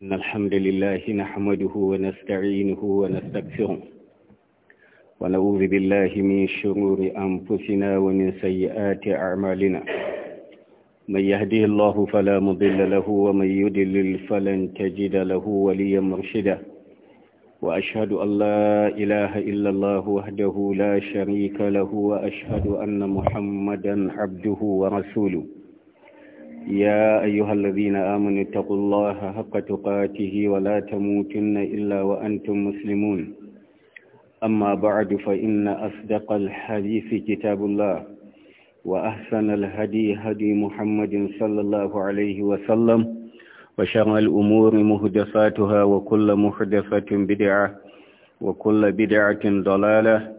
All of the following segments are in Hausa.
إن الحمد لله نحمده ونستعينه ونستغفره ونعوذ بالله من شرور أنفسنا ومن سيئات أعمالنا من يهده الله فلا مضل له ومن يدلل فلن تجد له وليا مرشدا وأشهد أن لا إله إلا الله وحده لا شريك له وأشهد أن محمدا عبده ورسوله يا أيها الذين آمنوا اتقوا الله حق تقاته ولا تموتن إلا وأنتم مسلمون أما بعد فإن أصدق الحديث كتاب الله وأحسن الهدي هدي محمد صلى الله عليه وسلم وشر الأمور مهدفاتها وكل مهدفة بدعة وكل بدعة ضلالة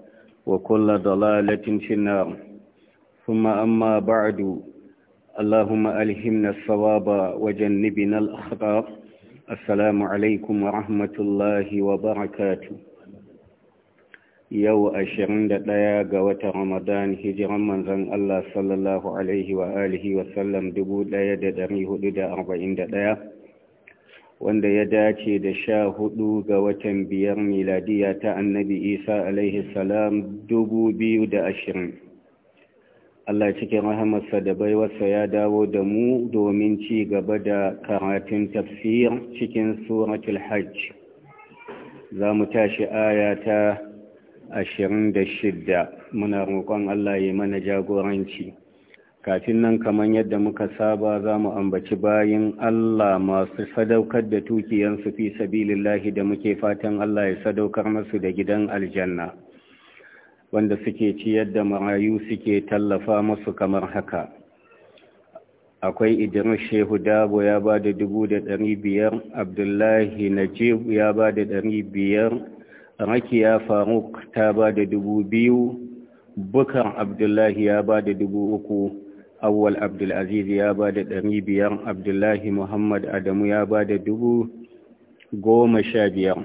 وكل ضلالة في النار ثم أما بعد اللهم ألهمنا الصواب وجنبنا الأخطاء السلام عليكم ورحمة الله وبركاته يو أشرين دلايا قوة رمضان هجرا من ذن الله صلى الله عليه وآله وسلم دبو لا يدريه لدى أربعين دلايا wanda ya dace da sha hudu ga watan biyar miladiya ta annabi isa alaihi salam dubu biyu da ashirin Allah cikin rahamarsa da baiwarsa ya dawo da mu domin ci gaba da karatun tafsir cikin suratul hajj za mu tashi aya ta shidda. muna roƙon Allah ya mana jagoranci kafin nan kamar yadda muka saba za mu ambaci bayin Allah masu sadaukar da tukiyansu fi sabilillahi da muke fatan Allah ya sadaukar masu da gidan aljanna wanda suke ciyar da marayu suke tallafa masu kamar haka akwai idris shehu dabo ya ba da dubu da ɗari biyar abdullahi najib ya ba da ɗari biyar rakiya faruk ta ba da dubu biyu bukar abdullahi ya ba da dubu uku awwal abdulaziz ya ba da ɗari biyar abdullahi muhammad adamu ya ba da dubu goma sha biyar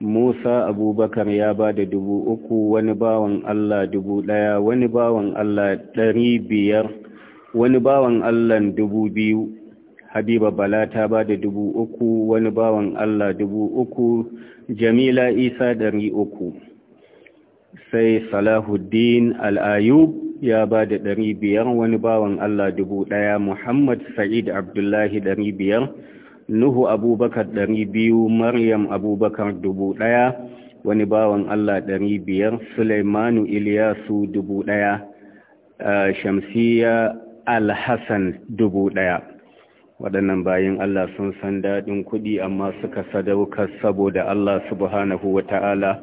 Musa Abubakar ya ba da dubu uku wani bawan Allah dubu ɗaya wani bawan Allah ɗari biyar wani bawan Allah dubu biyu Habiba Bala ta ba da dubu uku wani bawan Allah dubu uku Jamila Isa ɗari uku sai Salahuddin Al'ayub ya ba da ɗari biyar wani bawan Allah dubu ɗaya Muhammad Sa'id Abdullahi ɗari biyar nuhu abubakar ɗari biyu maryam abubakar dubu ɗaya wani bawan allah ɗari biyar Suleimanu iliyasu dubu ɗaya shamsiya alhassan dubu ɗaya waɗannan bayan allah sun san daɗin kuɗi amma suka sadaukar saboda allah subhanahu wa ta'ala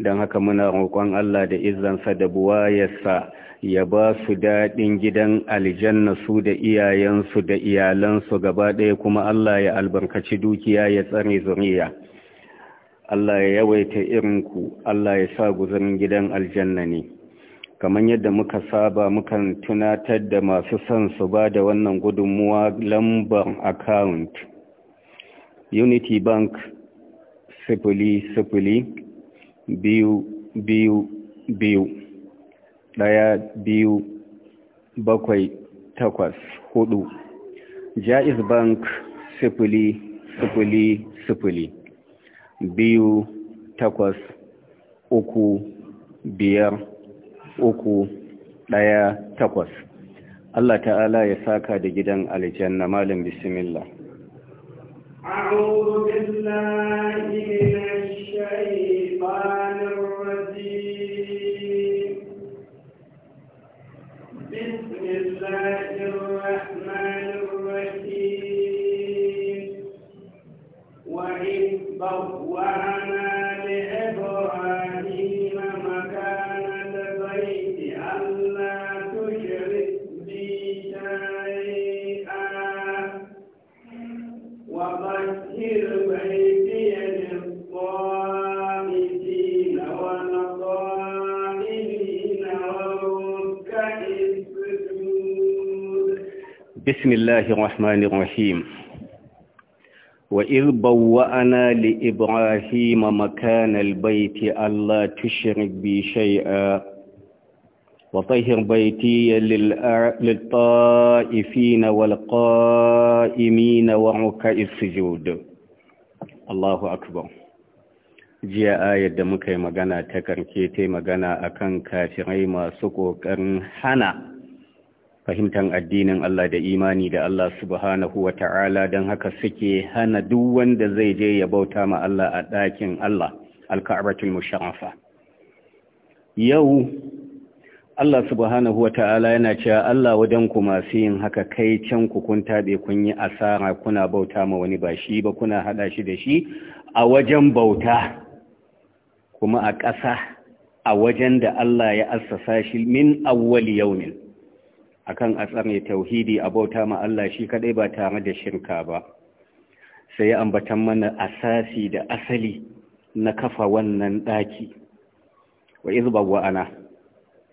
don haka muna roƙon allah da izansa da buwayarsa ya ba su daɗin gidan aljanna su da iyayensu da iyalansu gaba ɗaya kuma Allah ya albarkaci dukiya ya tsare zuriya Allah ya yawaita irinku Allah ya sa guzarin gidan aljanna ne kamar yadda muka saba mukan tunatar da masu son su ba da wannan gudunmuwa lambar account unity bank sifili sifili biyu biyu biyu ɗaya biyu bakwai takwas hudu jaiz bank sifili sifili sifili biyu takwas uku biyar uku ɗaya takwas Allah ta'ala ya saka da gidan aljanna malam bismillah بسم الله الرحمن الرحيم وإذ بوأنا لإبراهيم مكان البيت ألا تشرك بي شيئا وطهر بيتي للطائفين والقائمين وركع السجود الله أكبر jiya ayar da muka yi magana ta karke ta magana akan kafirai masu ƙoƙarin hana fahimtar addinin Allah da imani da Allah subhanahu wa ta'ala don haka suke hana duk wanda zai je ya bauta ma Allah a ɗakin Allah alka'abatul musharafa yau Allah subhanahu wa ta'ala yana cewa Allah wadan ku masu yin haka kai can ku kun taɓe kun yi asara kuna bauta ma wani ba shi ba kuna haɗa shi da shi a wajen bauta kuma a ƙasa a wajen da Allah ya assasa shi min awwal yaumin akan a tsare tauhidi a bauta ma Allah shi kaɗai ba tare da shirka ba sai ya ambatan mana asasi da asali na kafa wannan daki wa izba wa ana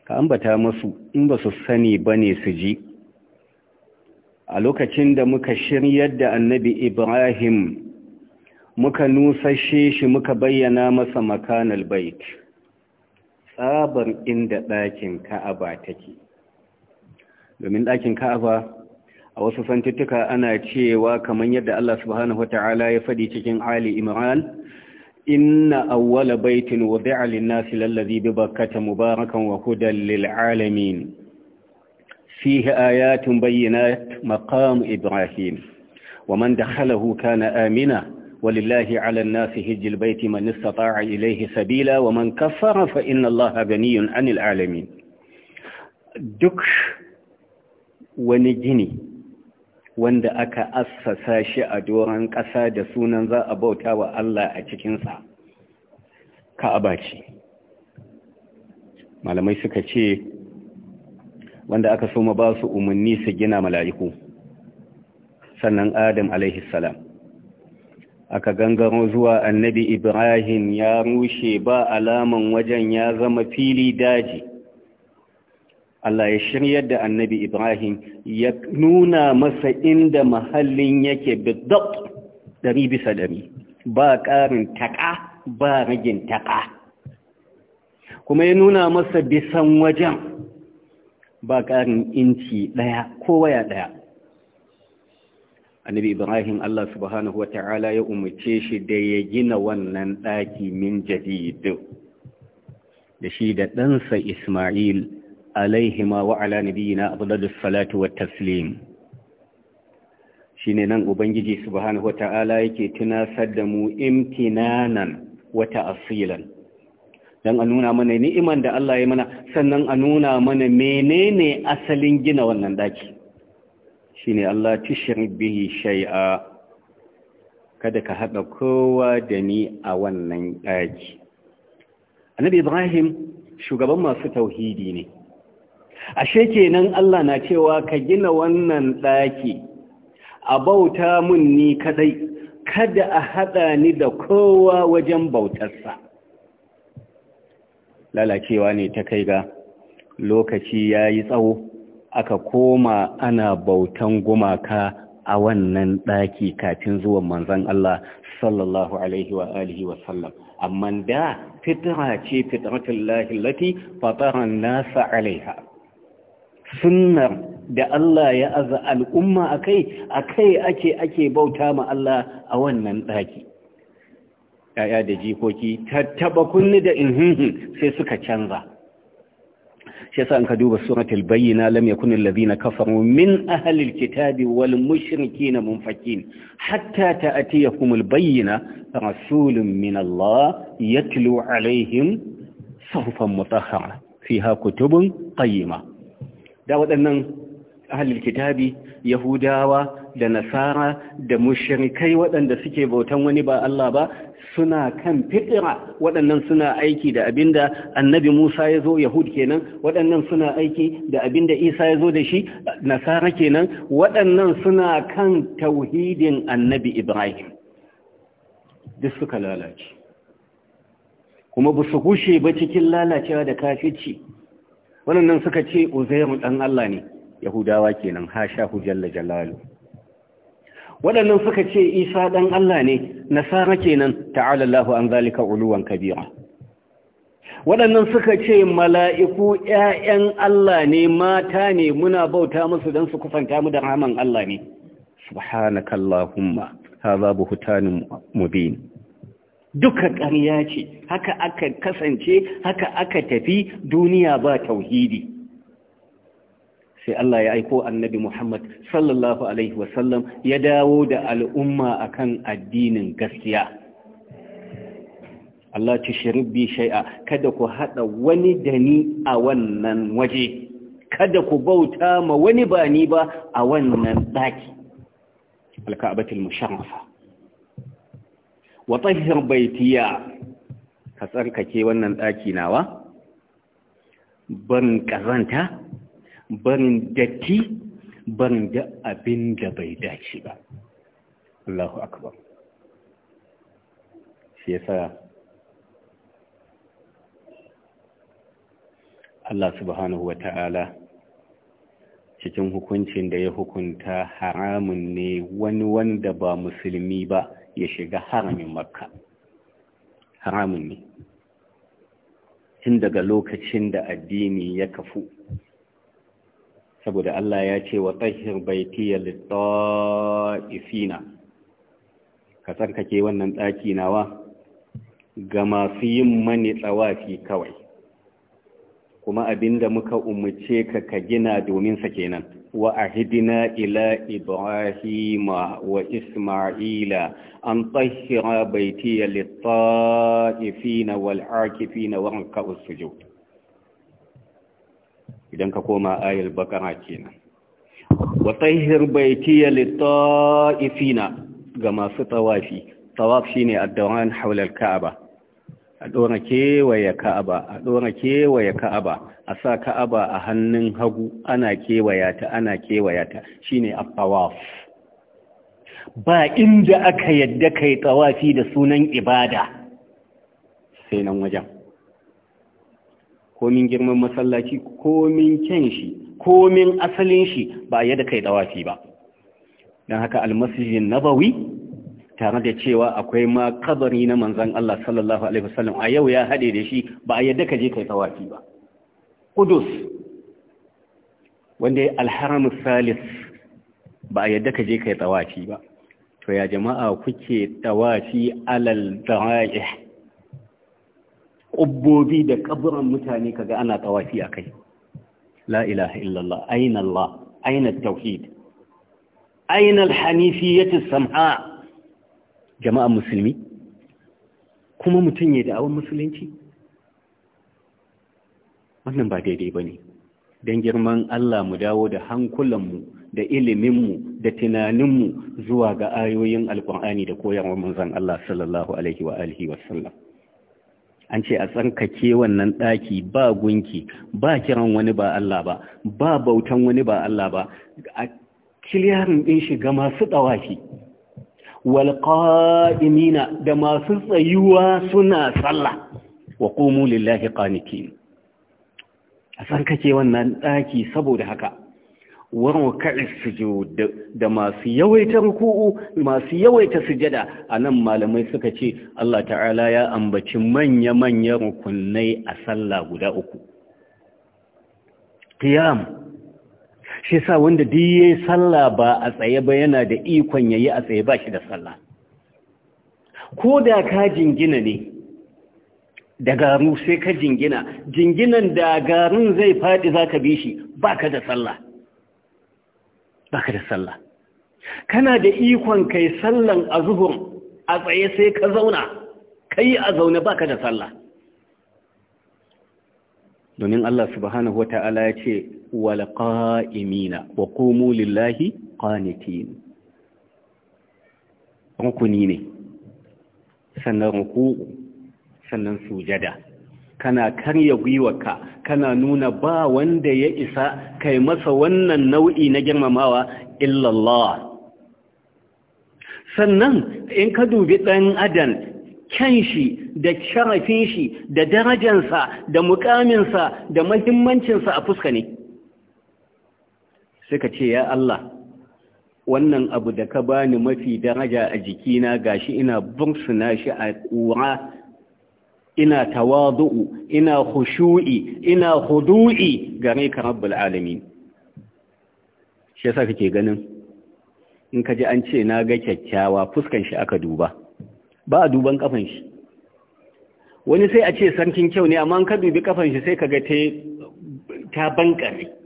ka ambata musu in ba su sani bane su ji a lokacin da muka shiryar da annabi Ibrahim muka nusashe shi muka bayyana masa makanal bait tsabar inda ɗakin ka'aba take domin ɗakin ka'aba a wasu santuttuka ana cewa kamar yadda Allah subhanahu wata'ala ya faɗi cikin Ali Imran inna awwala baitin wudi'a lin-nasi lallazi bi bakkata mubarakan wa hudan lil-alamin fihi ayatun bayyinat maqam Ibrahim ومن دخله كان آمنا ولله على الناس هج البيت من استطاع إليه سبيلا ومن fa فإن الله غني عن العالمين duk wani gini wanda aka assasa shi a doron ƙasa da sunan za a bauta wa Allah a cikinsa ka'aba ce malamai suka ce wanda aka so ma ba su umarni su gina mala'iku sannan adam alaihissalam aka gangaro zuwa annabi ibrahim ya rushe ba alaman wajen ya zama fili daji Allah ya shiryar da annabi Ibrahim ya nuna masa inda mahallin yake bidat dari bisa dari ba ƙarin taƙa ba ragin taƙa kuma ya nuna masa bisan wajen ba ƙarin inci ɗaya ko waya ɗaya annabi Ibrahim Allah subhanahu wa ta'ala ya umarce shi da ya gina wannan ɗaki min jadid da shi da ɗansa Ismail alaihima ni ala nabiyina afdalus salatu wa taslim ne nan ubangiji subhanahu wataala yake tunasar da mu imtinanan wata asilan dan a nuna mana ni'iman da Allah ya mana sannan a nuna mana menene asalin gina wannan Shi shine Allah tushrik bihi shai'a kada ka haɗa kowa da ni a wannan ɗaki annabi ibrahim shugaban masu tauhidi ne ashe kenan Allah na cewa ka gina wannan ɗaki a bauta mun ni kadai kada a haɗa ni da kowa wajen bautarsa lalacewa ne ta kai ga lokaci ya yi tsawo aka koma ana bautan gumaka a wannan ɗaki kafin zuwa manzan Allah sallallahu alaihi wa alihi wa sallam amma da fitra ce fitratullahi lati fataran nasa alaiha sunnar da Allah ya aza al'umma akai akai ake ake bauta ma Allah a wannan daki yaya da jikoki tattaba kunni da inhinhin sai suka canza shi yasa ka duba suratul bayyana lam yakun alladhina kafaru min ahli kitabi wal na munfakin hatta ta'tiyahum albayyina rasulun min Allah tilo alaihim sawfan mutahhara fiha kutubun qayyimah ya waɗannan ahalil kitabi yahudawa da nasara da mushirikai waɗanda suke bautan wani ba Allah ba suna kan fitira waɗannan suna aiki da abinda annabi Musa ya zo Yahud kenan waɗannan suna aiki da abinda Isa ya zo da shi nasara kenan waɗannan suna kan tauhidin annabi Ibrahim duk suka lalace kuma ba su gushe ba cikin lalacewa da kafici Waɗannan suka ce uzairu ɗan Allah ne yahudawa kenan hasha hujalla jalalu waɗannan suka ce isa ɗan Allah ne nasara kenan ta'ala Allahu an zalika uluwan kabira waɗannan suka ce mala'iku ‘ya'yan Allah ne mata ne muna bauta musu don su kusanta mu da rahaman Allah ne subhanakallahumma hadha buhtanun mubin duka ƙarya ce haka aka kasance haka aka tafi duniya ba tauhidi sai Allah ya aiko annabi Muhammad sallallahu alaihi wasallam ya dawo da al'umma akan addinin gaskiya Allah ci shirbi shai'a kada ku haɗa wani da ni a wannan waje kada ku bauta ma wani ba ni ba a wannan ɗaki alka'abatul musharrafa wa tahhir baitiya ka tsarkake wannan daki nawa barin ƙazanta barin datti barin da abin da bai dace ba Allahu akbar shi yasa Allah subhanahu wa ta'ala cikin hukuncin da ya hukunta haramun ne wani wanda ba musulmi ba ya shiga haramin makka haramun ne tun daga lokacin da addini ya kafu saboda Allah ya ce wa tsahir baitiya litsa'ifina ka tsarkake wannan ɗaki nawa ga masu yin mani tsawafi kawai kuma abinda muka umarce ka ka gina domin sa kenan wa ahidina ila ibrahima wa isma'ila an tahira baitiya littafina, wal-akifina wa idan ka koma ayal bakara kenan wa tahir baitiya littafina ga masu tawafi tawaf shine a hawla haular kaaba a ɗora kewaye ka'aba a ɗora kewaye ka'aba a sa ka'aba a hannun hagu ana kewayata, ana kewayata, ta shine at-tawaf ba inda aka yadda kai tawafi da sunan ibada sai nan wajen komin girman masallaci komin kyan shi komin asalin shi ba yadda kai tawafi ba dan haka al nabawi tare da cewa akwai ma kabari na manzan Allah sallallahu alaihi wasallam a yau ya haɗe da shi ba a yadda ka je kai tawafi ba Kudus wanda alharamu salis ba a yadda ka je kai tawafi ba to ya jama'a kuke tawafi alal da'ih ƙubbobi da kaburan mutane kaga ana tawafi a kai la ilaha illallah aina Allah aina tauhid aina alhanifiyatu sam'a jama'an musulmi kuma mutum ya da'awar musulunci wannan ba daidai ba ne don girman Allah mu dawo da hankulanmu da iliminmu da tunaninmu zuwa ga ayoyin alkur'ani da koyarwar manzan Allah sallallahu alaihi wa alihi wasallam an ce a tsankake wannan ɗaki ba gunki ba kiran wani ba Allah ba ba bautan wani ba Allah ba a kiliyarin ɗin shiga masu ɗawaki. walƙa'imina da masu tsayuwa suna sallah wa ƙomu lillahi ƙaniki a san kake wannan ɗaki saboda haka warin ka'is da masu yawaita ruku'u masu yawaita sujada a nan malamai suka ce Allah ta'ala ya ambaci manya-manya rukunai a sallah guda uku qiyam shi sa wanda duk yi sallah ba a tsaye ba yana da ikon yayi a tsaye ba shi da sallah ko da ka jingina ne da garu sai ka jingina jinginan da garun zai faɗi zaka bi shi baka da sallah baka da sallah kana da ikon kai sallan azhur a tsaye sai ka zauna kai a zaune baka da sallah domin Allah subhanahu ta'ala ya ce Walƙaimina wa qumu lillahi qanitin rukuni ne sannan ruku sannan sujada kana karya gwiwarka kana nuna ba wanda ya isa kai masa wannan nau'i na girmamawa illallah sannan in ka dubi ɗan adam kyan shi da sharafin shi da darajansa da mukaminsa da mahimmancinsa a fuska ne suka ce ya Allah wannan abu da ka bani mafi daraja a jikina gashi ina bursuna shi a ƙura ina tawadu'u ina khushu'i ina hudu'i gare ka rabbul alamin shi yasa kake ganin in ka ji an ce na ga kyakkyawa fuskan shi aka duba ba a duban kafan shi wani sai a ce sarkin kyau ne amma ka dubi kafan shi sai ka ga ta bankare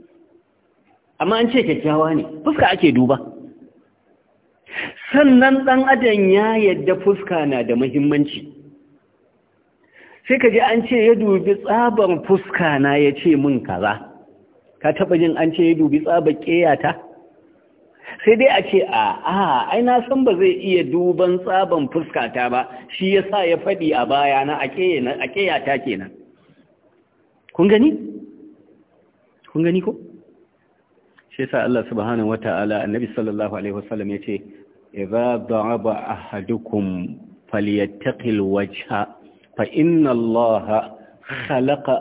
amma an ce kyakkyawa ne fuska ake duba sannan ɗan adam ya yadda fuska na da muhimmanci. sai ka ji an ce ya dubi tsabar fuska na ya ce min kaza ka taɓa jin an ce ya dubi tsabar ƙeyata sai dai a ce a ai na san ba zai iya duban tsaban fuskata ba shi yasa ya faɗi a baya na a ƙeyata kenan kun gani? kun gani ko? shi yasa Allah subhanahu wata'ala annabi sallallahu alaihi wasallam yace idza da'aba ahadukum falyattaqil wajha fa inna Allaha khalaqa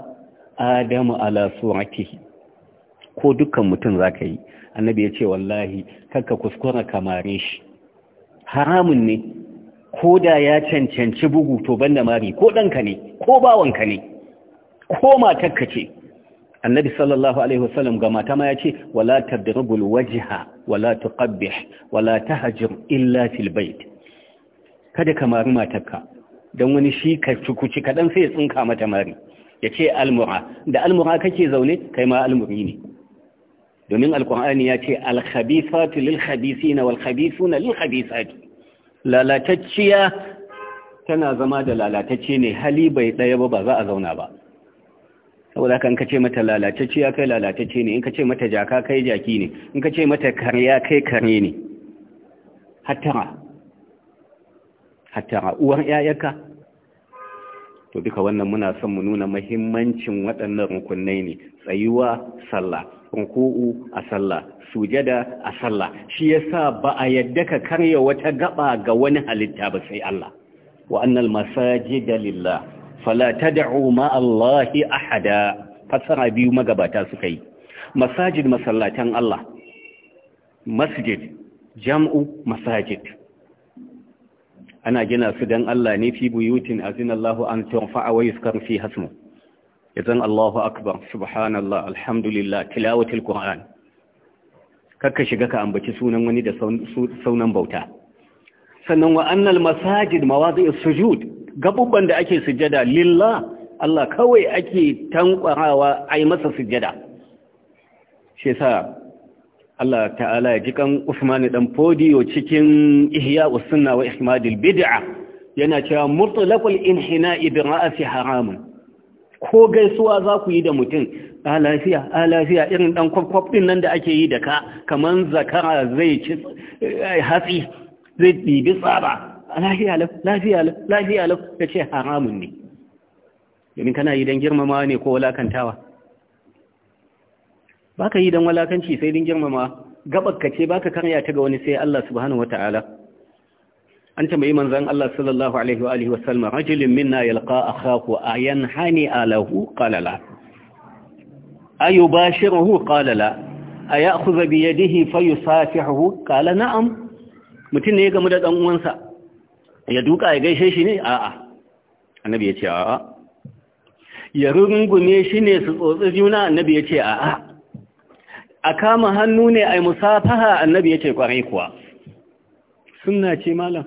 adama ala suratihi ko dukkan mutum zaka yi annabi yace wallahi kakka kuskura kamare shi haramun ne ko da ya cancanci bugu to banda mari ko danka ne ko bawanka ne ko matakka ce annabi sallallahu alaihi wasallam ga mata ma yace wala tadribul wajha wala tuqabbih wala tahjur illa fil bait kada ka mari matarka dan wani shi ka cukuci dan sai ya tsinka mata mari yace almu'a da almu'a kake zaune kai ma almuri ne domin alqur'ani yace alkhabithatu lil khabithina wal khabithuna lil khabithati lalatacciya tana zama da lalatacce ne hali bai daya ba ba za a zauna ba saboda kan kace mata lalatacce ya kai lalatacce ne in kace mata jaka kai jaki ne in kace mata karya kai kare ne hattara hatta uwar yayaka to duka wannan muna son mu nuna muhimmancin waɗannan rukunai ne tsayuwa sallah ruku'u a sallah sujada a sallah shi yasa ba a yadda ka karya wata gaba ga wani halitta ba sai Allah wa annal masajida lillah fala tad'u ma Allahi ahada fasara biyu magabata suka yi masajid masallatan Allah masjid jam'u masajid ana gina su dan Allah ne fi buyutin azinallahu an turfa'a a yuskar fi hasmu Izan Allahu akbar subhanallah alhamdulillah tilawatul qur'an kakka shiga ka ambaci sunan wani da sunan bauta sannan wa annal masajid mawadhi'us sujud gabubban da ake sujada lilla, Allah kawai ake tankwarawa ai masa sujada shi yasa Allah ta'ala ya jikan Usman dan Fodiyo cikin Ihya usunna wa ismadil bid'a, yana cewa mutlaqul inhina'i bi ra'si haramun ko gaisuwa za ku yi da mutum a lafiya a lafiya irin dan kwakwaf din nan da ake yi da ka kaman zakara zai ci eh, hatsi zai bi tsaba lafiya lau lafiya ce haramun ne domin kana yi don girmama ne ko walakantawa ba ka yi don walakanci sai don girmama. gabakka ce ba ka karya ta ga wani sai Allah subhanahu wa ta'ala an tambayi manzan Allah sallallahu alaihi wa alihi wasallam rajulun minna yalqa akhahu ayan hani alahu qala la ayubashiruhu qala la ayakhudhu bi yadihi qala na'am mutum ne ya gamu da dan uwansa ya duka ya gaishe shi ne a'a annabi ya ce a'a ya rungume shi ne su tsotsi juna annabi ya ce a'a a kama hannu ne ai musafaha annabi ya ce kwarai kuwa sunna ce malam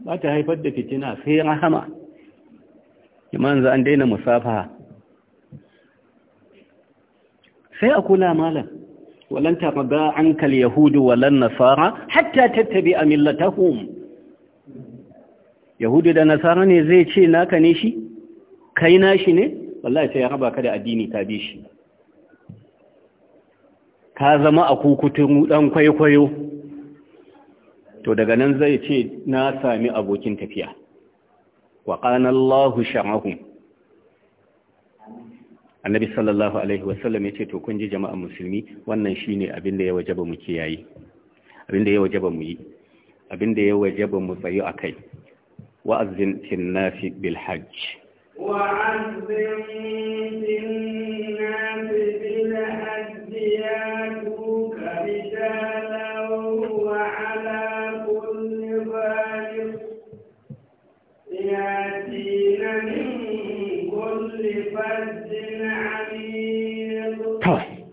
ba ta haifar da fitina sai rahama iman za an daina musafaha sai a kula malam walan tarda an kal yahudu walan nasara hatta a millatahum yahudu da nasara ne zai ce naka ne shi kai nashi ne wallahi sai ya raba ka da addini ka bi shi ka zama a kukutun dan kwaikwayo to daga nan zai ce na sami abokin tafiya wa qana Allahu sha'ahu annabi sallallahu alaihi wasallam ya ce to kun ji jama'a musulmi wannan shine abin da ya wajaba mu kiyaye abin da ya wajaba mu yi abin da ya wajaba mu tsayu akai وأذن في الناس بالحج وأذن في الناس بالحج ياتوك رجالا وعلى كل فارس ياتين من كل فج عميق طيب.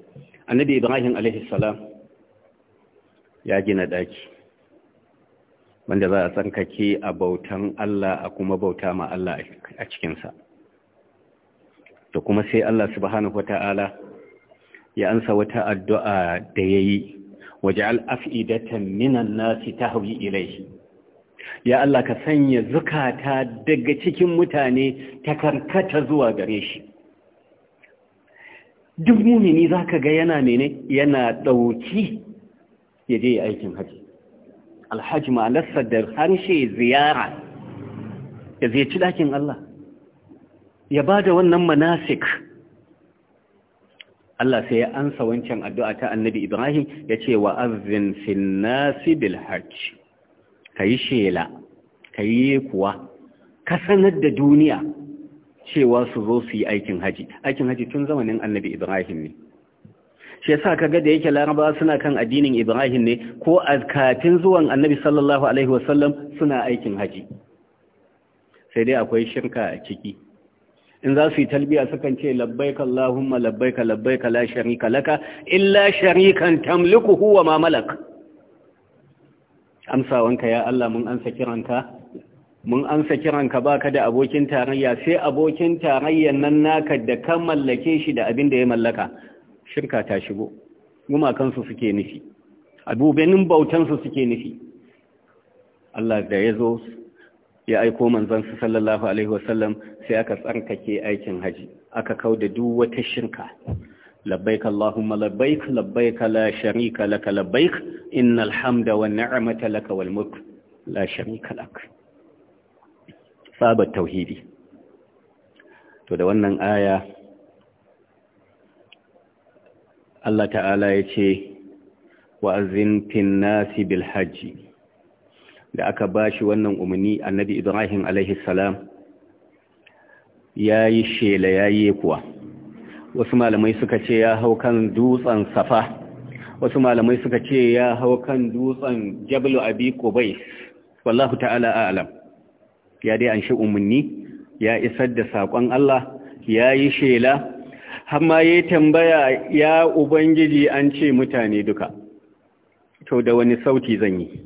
النبي إبراهيم عليه السلام يا جنة داكي wanda za a tsankake a bautan Allah a kuma bauta ma Allah a cikinsa to kuma sai Allah subhanahu wata'ala ya ansa wata addu'a da ya yayi waje al'af'idatan minan nasi hau ilayhi ya Allah ka sanya zukata daga cikin mutane ta karkata zuwa gare shi duk mumini za ka ga yana mene yana ɗauki ya je aikin haji Alhaji lassar da harshe ziyara ya ziyarci ɗakin Allah ya ba da wannan manasik Allah sai ya ansa wancan addu'a ta annabi Ibrahim ya ce wa azin finnasi bilhaj ka yi shela ka yi kuwa ka sanar da duniya cewa su zo su yi aikin haji aikin haji tun zamanin annabi Ibrahim ne shi yasa kaga da yake larabawa suna kan addinin ibrahim ne ko a kafin zuwan annabi sallallahu alaihi wasallam suna aikin haji sai dai akwai shirka a ciki in za su yi talbiya sukan ce labbaika allahumma labbaika labbaika la sharika laka illa sharikan tamliku huwa ma malak amsawanka ya Allah mun ansa kiranka mun ansa kiranka baka da abokin tarayya sai abokin tarayyan nan naka da kan mallake shi da abin da ya mallaka shirka ta shigo gumakansu suke nufi abubenin bautansu suke nufi Allah da ya zo ya aiko manzansu sallallahu Alaihi wasallam sai aka tsarkake aikin haji aka kauda duk wata shirka labbaik Allahumma labbaik labbaik la sharika laka labbaik innal hamda wan ni'mata laka wal mulk la sharika lak sabat tauhidi to da wannan aya Allah ta'ala ya ce wa'azin finnasi bil hajji da aka ba shi wannan umarni annabi ibrahim alaihissalam ya yi shela ya yi kuwa wasu malamai suka ce ya hau kan dutsen safa wasu malamai suka ce ya hau kan dutsen jablu abi kubai wallahu ta'ala alam ya dai an shi umarni ya isar da saƙon Allah ya yi shela hamma ya tambaya ya ubangiji an ce mutane duka to da wani sauti zan yi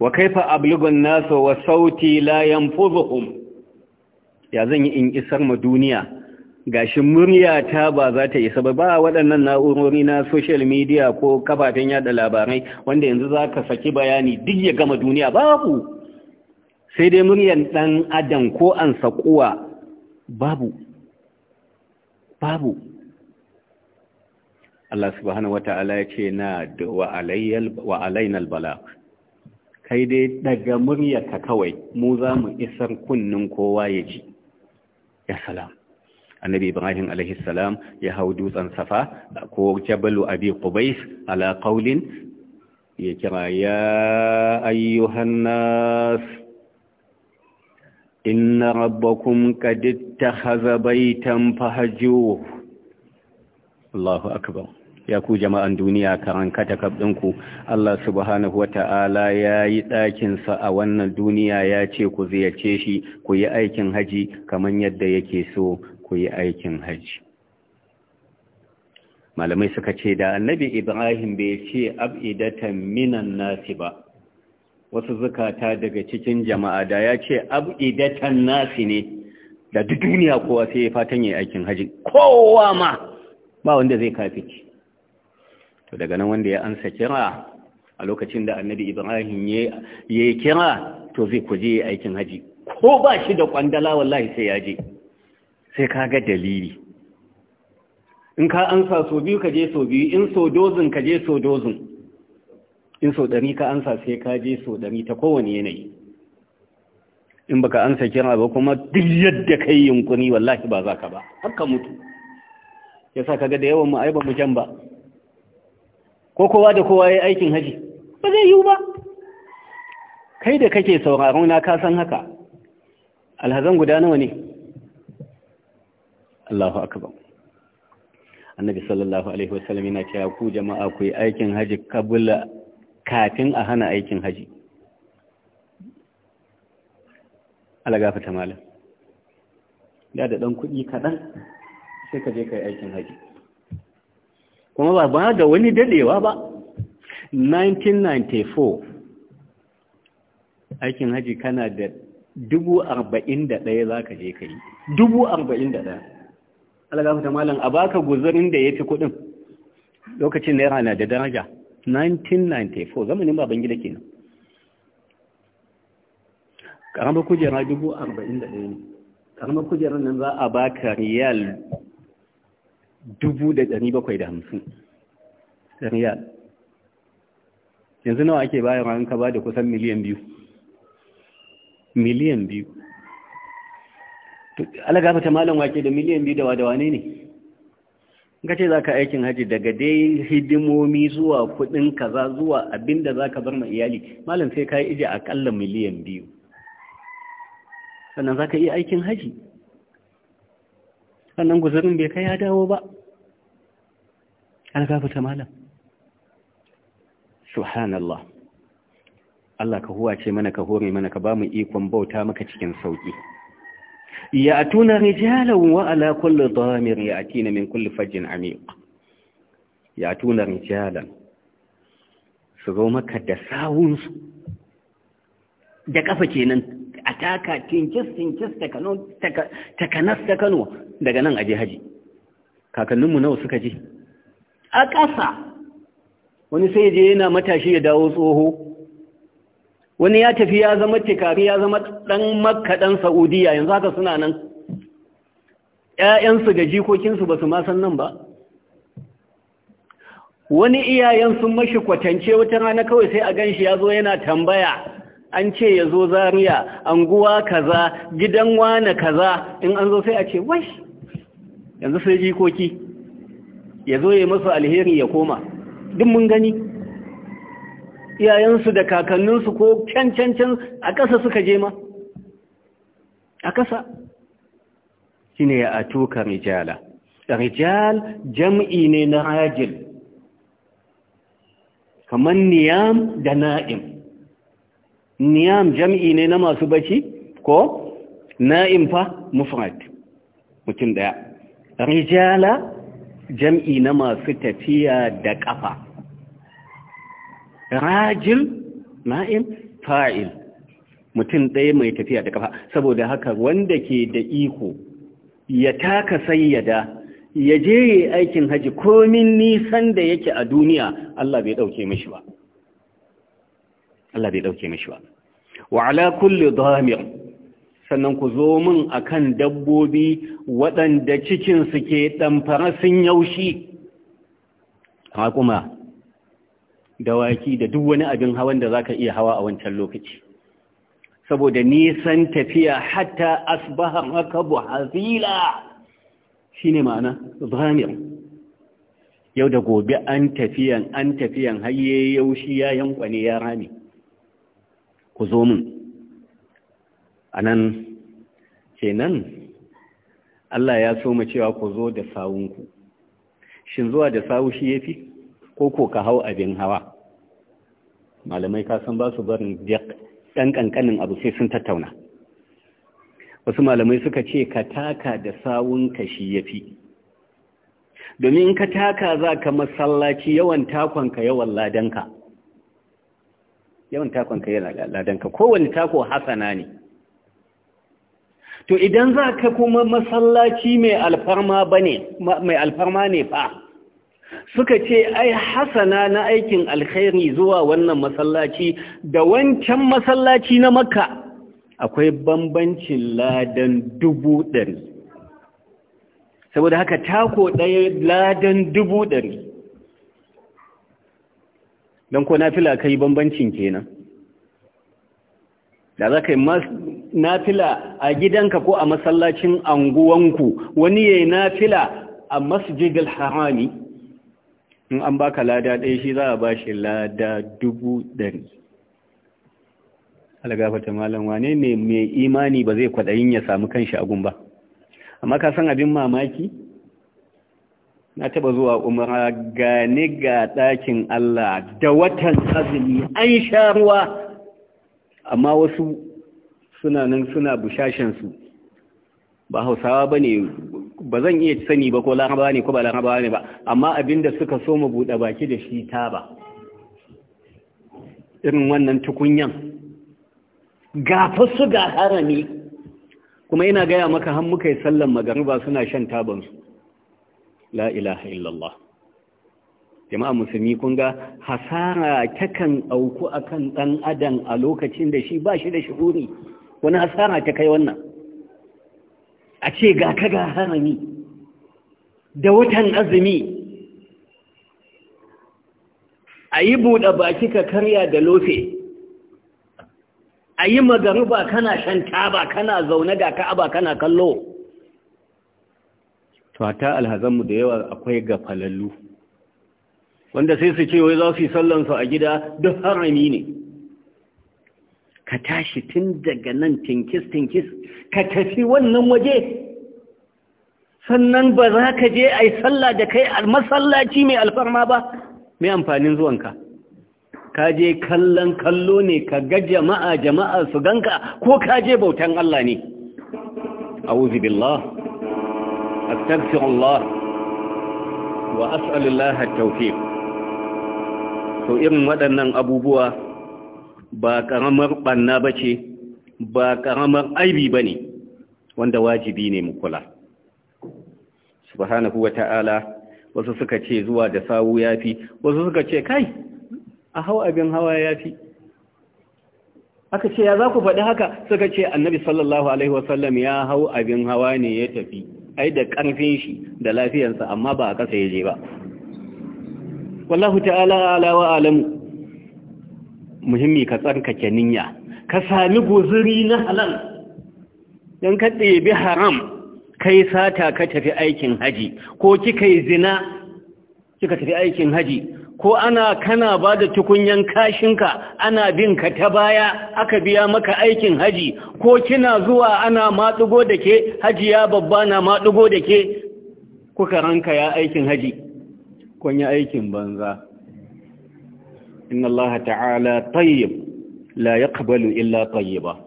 wa kaifa ablugun nasa wa sauti layan fuzuhun ya zan yi in isar ma duniya gashi murya ta ba za ta isa ba ba waɗannan na'urori na social media ko kafafen yada labarai wanda yanzu za ka saki bayani duk ya gama duniya babu sai dai muryar ɗan adam ko an saƙuwa babu babu Allah subhanahu wata'ala ya ce na wa alainal balaq kai dai daga muryarka kawai mu za mu isar kunnin kowa ya ji ya salam annabi ibrahim alaihi salam ya hau dutsen safa ko jabalu abi qubais ala qaulin ya kira ya ayyuhan nas إن ربكم قد اتخذ بيتا فهجوه Allahu akbar! ya ku jama'an duniya karan katakab ku. Allah subhanahu wata'ala ya yi ɗakinsa a wannan duniya ya ce ku ziyarce shi ku yi aikin haji kamar yadda yake so ku yi aikin haji malamai suka ce da annabi ibrahim bai ce abidatan minan nasi ba wasu zukata daga cikin jama'a da ya ce abidatan nasi ne da duk duniya kowa sai ya fatan yi aikin haji kowa ma ba wanda zai kafici to daga nan wanda ya ansa kira a lokacin da annabi ibrahim ya yi kira to zai kuje aikin haji ko ba shi da kwandala wallahi sai ya je sai ka ga dalili in ka ansa so biyu ka je so biyu in so dozin ka je so dozin in so ɗari ka ansa sai ka je so ɗari ta kowane yanayi in baka ansa kira ba kuma duk yadda ka yi yunkuri wallahi ba za ka ba Har ka mutu ya sa kaga da yawan ma'aiba mu ba ko kowa da kowa ya aikin haji ba zai yiwu ba kai da kake sauraron na ka san haka alhazan guda nawa ne Allahu akbar annabi sallallahu alaihi wasallam yana cewa ku jama'a ku yi aikin haji kabula kafin a hana aikin haji alagafa ta malam ya da ɗan kuɗi kaɗan sai ka je ka yi aikin haji kuma ba ba da wani daɗewa ba 1994 aikin haji kana da dubu arba'in da ɗaya za ka je ka yi dubu arba'in da ɗaya alagafa ta malam a baka guzurin da ya fi kuɗin lokacin naira na da daraja 1994 zamanin baban gida kenan karamar kujera 41 ne karamar kujerar nan za a baka riyal 750 riyal yanzu nawa ake bayan ran ka ba da kusan miliyan biyu miliyan biyu alaga fata malam wake da miliyan biyu da ne ne gace ce za ka aikin haji daga dai hidimomi zuwa kudin kaza zuwa abinda za ka bar ma iyali malam sai ka yi ije akalla miliyan biyu sannan za ka yi aikin haji sannan guzarin bai kai ya dawo ba algafi ta malam subhanallah Allah ka huwace mana ka hore mana ka ba mu ikon bauta maka cikin sauki يأتون رجالا وعلى كل ضامر يأتين من كل فج عميق يأتون رجالا سرومك دساون da kafa kenan a taka tinkis tinkis kanas ta kano daga nan aje haji kakanninmu nawa suka je a ƙasa wani sai je yana matashi ya dawo tsoho wani ya tafi ya zama tikafi ya zama ɗan makka sa'udiyya saudiya yanzu haka suna nan ‘ya'yansu da jikokinsu ba su masan nan ba wani iyayen sun mashi kwatance wata rana kawai sai a gan shi ya zo yana tambaya an ce ya zo zariya anguwa kaza gidan wane kaza in an zo sai a ce wai yanzu sai jikoki ya zo ya yi masu alheri ya koma duk mun gani iyayensu da kakanninsu ko can can can a ƙasa suka je ma a ƙasa shi ne ya ka rijala rijal jam'i ne na rajil kamar niyam da na'im niyam jam'i ne na masu bacci ko na'im fa mufrat mutum ɗaya rijala jam'i na masu tafiya da ƙafa Rajin, na'im fa'il mutum ɗaya mai tafiya da ƙafa. saboda haka wanda ke da iko ya taka sayyada ya je yi aikin haji komin nisan da yake a duniya Allah bai ɗauke mashi ba Allah bai ɗauke mashi ba wa ala kulli damir sannan ku zo min akan dabbobi waɗanda cikinsu ke ɗamfara sun yaushi raƙuma dawaki da duk wani abin hawan da zaka iya hawa a wancan lokaci saboda nisan tafiya hatta asbaha Makabu hazila shine ma'ana zamir yau da gobe an tafiyan an tafiyan hayye yaushi ya yankwane ya rame ku zo mun anan kenan Allah ya so mu cewa ku zo da sawunku shin zuwa da sawu shi yafi ko ko ka hau abin hawa malamai ka san ba su barin ɗan ƙanƙanin abu sai sun tattauna wasu malamai suka ce ka taka da sawun kashi ya fi domin ka taka za ka masallaci yawan takonka yawan ladanka yawan takonka yawan ladanka kowane tako hasana ne to idan za ka kuma masallaci mai alfarma ne fa suka ce ai hasana na aikin alkhairi zuwa wannan masallaci da wancan masallaci na makka akwai bambancin ladan dubu ɗari saboda haka tako ɗaya ladan dubu ɗari don ko na fila kai bambancin kenan da za ka yi nafila a gidanka ko a masallacin anguwanku wani ya yi nafila a masjidil harami in an baka lada ɗaya shi za a ba shi lada dubu ɗari algafata malam wane ne mai imani ba zai kwaɗayin ya samu kanshi agun ba amma ka san abin mamaki na taɓa zuwa umara gane ga ɗakin Allah da watan azumi an sha ruwa amma wasu suna nan suna bushashensu ba hausawa ba ne ba zan iya sani ba ko laraba ne ko ba larabawa ne ba amma abinda suka so mu buɗe baki da shi ta ba irin wannan tukunyan gafa su ga harami kuma ina gaya maka har muka yi sallan magariba suna shan tabansu la ilaha illallah jama'a musulmi kun ga hasara takan auku akan dan adam a lokacin da shi ba shi da shuhuri wani hasara ta kai wannan a ce ga ka harami da watan azumi a yi buɗe baki ka karya da lofe a yi magaruba kana shan taba kana zaune ga ka'aba kana kallo tuwata alhazanmu da yawa akwai ga falallu wanda sai su ce wai za su yi sallansu a gida duk harami ne ka tashi tun daga nan tinkis-tinkis ka tafi wannan waje sannan ba za ka je a yi sallah da kai masallaci mai alfarma ba mai amfanin zuwanka ka je kallon kallo ne ka ga jama'a jama'a su ganka ko ka je bautan Allah ne A a'udhu billah Allah wa as'alullaha at-tawfiq to irin waɗannan abubuwa ba ƙaramar ɓanna ba ce ba ƙaramar aibi ba ne wanda wajibi ne mu kula subhanahu wa ta'ala wasu suka ce zuwa da sawu ya fi wasu suka ce kai a hau abin hawa ya fi aka ce ya za ku faɗi haka suka ce annabi sallallahu alaihi wasallam ya hau abin hawa ne ya tafi ai da ƙarfin shi da lafiyansa amma ba a ƙasa ya je ba wallahu ta'ala ala wa alamu muhimmi ka tsarkake niyya ka sami guzuri na halal don ka ɗebi haram kai sata ka tafi aikin haji ko kika yi zina kika tafi aikin haji ko ana kana ba da tukunyan kashinka ana bin ka ta baya aka biya maka aikin haji ko kina zuwa ana matsugo da ke hajiya babba na matsugo da ke kuka ranka ya aikin haji kun yi aikin banza inna Allah ta'ala tayyib la yaqbalu illa tayyiba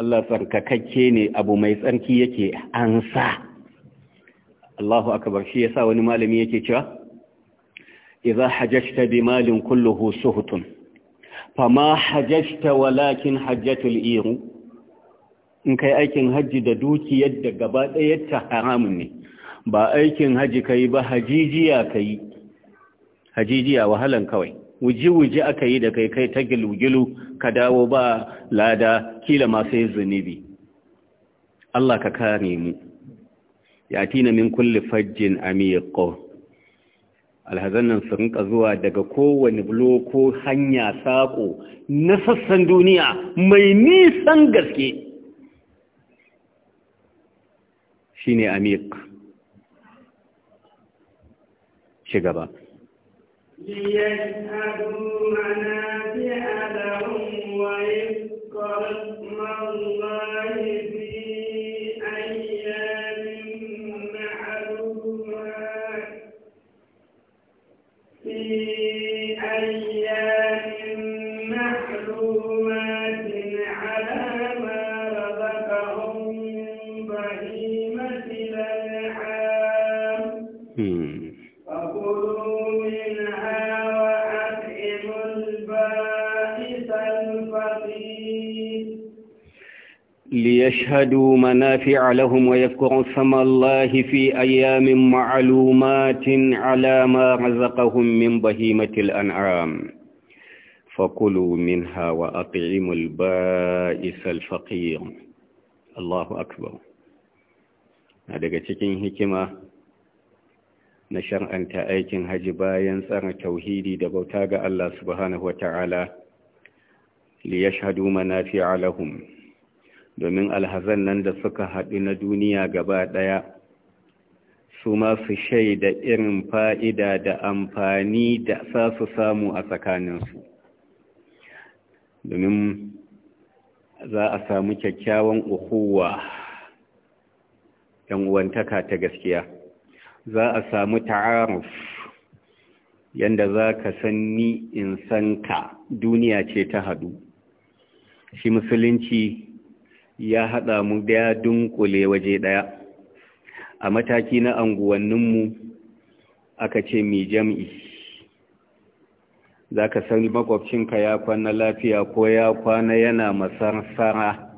Allah tsarkakakke ne abu mai tsarki yake ansa Allahu akbar shi yasa wani malami yake cewa idza hajjta bi malin kulluhu suhtun fama hajjta walakin hajjatul iru in kai aikin haji da dukiyar da gaba ɗaya ta haramun ne ba aikin haji kai ba hajijiya kai hajijiya wahalan kawai wuji-wuji aka yi da kai kai ta gilu ka dawo ba lada kila masu yin zunubi Allah ka kare mu ya tina min kulli fajjin amiqo alhazan nan su rinka zuwa daga kowane bulo hanya sako na sassan duniya mai nisan gaske shine amiq shi gaba ليشهدوا منافع ليشهدوا منافع لهم ويذكروا اسم الله في أيام معلومات على ما رزقهم من بهيمة الأنعام فكلوا منها وأطعموا البائس الفقير الله أكبر daga cikin hikima na shar'anta aikin haji bayan tsara tauhidi da bauta ga Allah subhanahu wa ta'ala manafi'a lahum domin alhazan nan da suka haɗu na duniya gaba ɗaya su masu shaida irin fa'ida da amfani da sa su samu a tsakaninsu domin za a samu kyakkyawan uhuwa yan uwantaka ta gaskiya za a samu ta'aruf Yadda za ka san ni in san ka duniya ce ta haɗu shi musulunci ya haɗa mu ɗaya dunkule waje ɗaya a mataki na anguwanninmu aka ce mai jam'i za ka sani makwabcinka ya kwana lafiya ko ya kwana yana masarsara